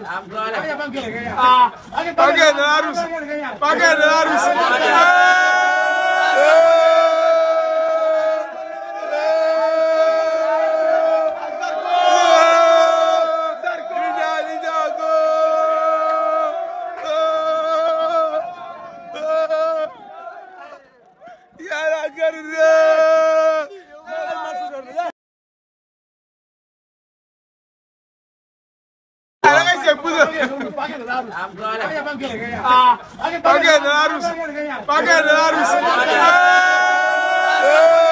Pague de Larus. Pague de Larus. Paganarus! Paganarus! Paganarus!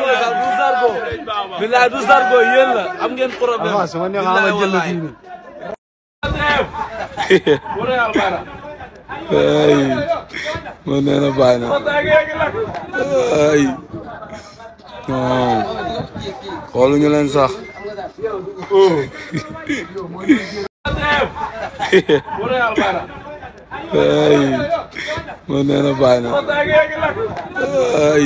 Bila du sargo yéen la am ngeen problème avance man ñoo xama jël fi ni ay man nee na ay non sax ay man nee ay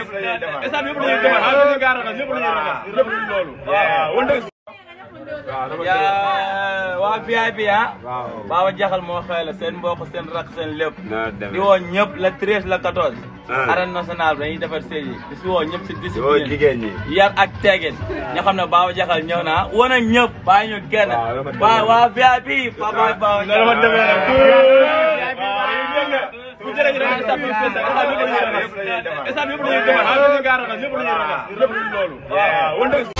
instant yëpp la ñuy defar ah dañuy ah, gaar ah, ah. waa VIP bi ah. waaw Baba Diakhal moo xëy la seen mbokk seen rakk seen lépp. di woon ñëpp la treize la quatorze. arène nationale bi dañuy defar sëñ yi di si woo ñëpp si discipline jigéen ñi yar ak teggin ñoo xam ne Baba Diakhal ñëw naa wane ak ñu génn waa waa VIP bi papa Baba Diakhal bu jëree ñu ne stade bi spécial stade bi yëpp la ñuy raxas stade bi yëpp la ñuy raxas ñëpp la ñuy raxas ñëpp la ñuy raxas loolu waaw